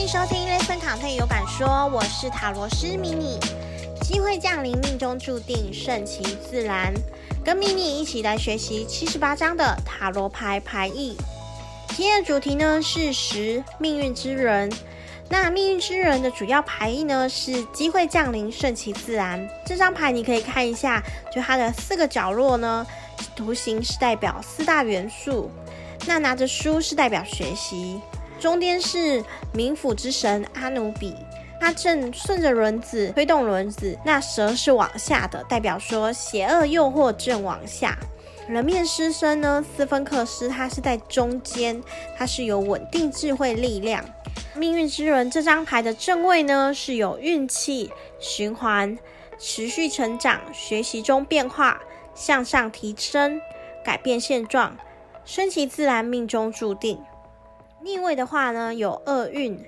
歡迎收聽《雷 n 塔羅有感說》，我是塔羅斯迷你。機會降臨，命中注定，順其自然。跟迷 i 一起來學習七十八張的塔羅牌牌意。今天的主題呢是十命運之人。那命運之人的主要牌意呢是機會降臨，順其自然。這張牌你可以看一下，就它的四個角落呢，圖形是代表四大元素。那拿着書是代表學習。中間是冥府之神阿努比，他正順着輪子推動輪子。那蛇是往下的，代表說邪惡誘惑正往下。人面獅身呢，斯芬克斯，它是在中間，它是有穩定智慧力量。命運之輪這張牌的正位呢，是有運氣循環、持續成長、學習中變化、向上提升、改變現狀、順其自然、命中注定。逆位的話呢，有厄運，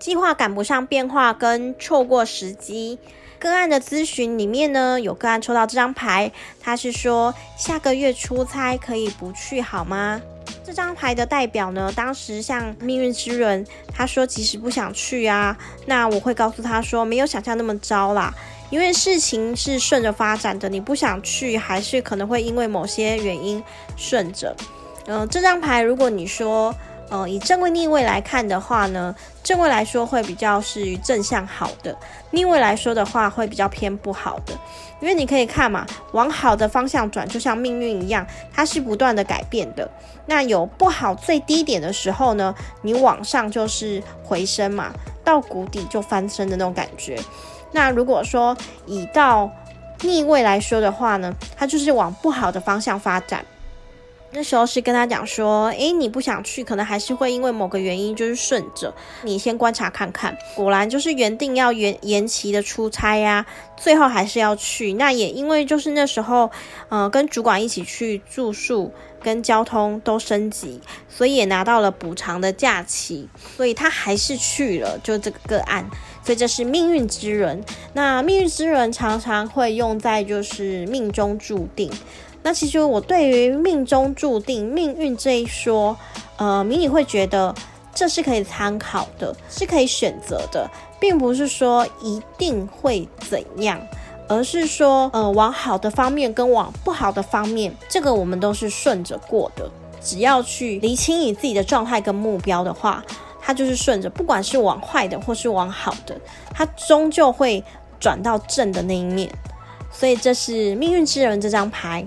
計劃趕不上變化，跟錯過時機。個案的諮詢裡面呢，有個案抽到這張牌，他是說下個月出差可以不去好嗎？這張牌的代表呢，當時像命運之人，他說即使不想去啊，那我會告訴他說，沒有想象那麼糟啦，因為事情是順着發展的，你不想去，還是可能會因為某些原因順着。嗯、呃，這張牌如果你說。呃，以正位逆位來看的話呢，正位來說會比較是正向好的，逆位來說的話會比較偏不好的。因為你可以看嘛，往好的方向轉，就像命運一樣，它是不斷的改變的。那有不好最低點的時候呢，你往上就是回升嘛，到谷底就翻身的那種感覺。那如果說以到逆位來說的話呢，它就是往不好的方向發展。那時候是跟他講說，誒，你不想去，可能還是會因為某個原因，就是順着你先觀察看看。果然就是原定要延延期的出差呀，啊，最後還是要去。那也因為就是那時候，呃，跟主管一起去住宿，跟交通都升級，所以也拿到了補償的假期，所以他還是去了。就這個個案，所以這是命運之輪。那命運之輪常常會用在就是命中注定。那其實我對於命中注定、命運這一說，呃，迷你會覺得這是可以參考的，是可以選擇的，並不是說一定會怎樣，而是說，呃，往好的方面跟往不好的方面，這個我們都是順着過的。只要去釐清你自己的狀態跟目標的話，它就是順着，不管是往壞的或是往好的，它終究會轉到正的那一面。所以這是命運之輪這張牌。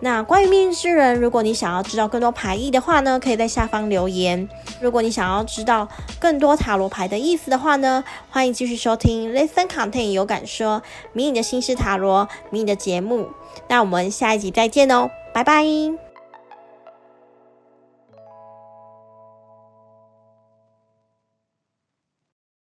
那關於命運之輪，如果你想要知道更多牌意的話呢，可以在下方留言。如果你想要知道更多塔羅牌的意思的話呢，歡迎繼續收聽《Listen Content 有感說迷你的心事塔羅》迷你的節目。那我們下一集再見哦，拜拜。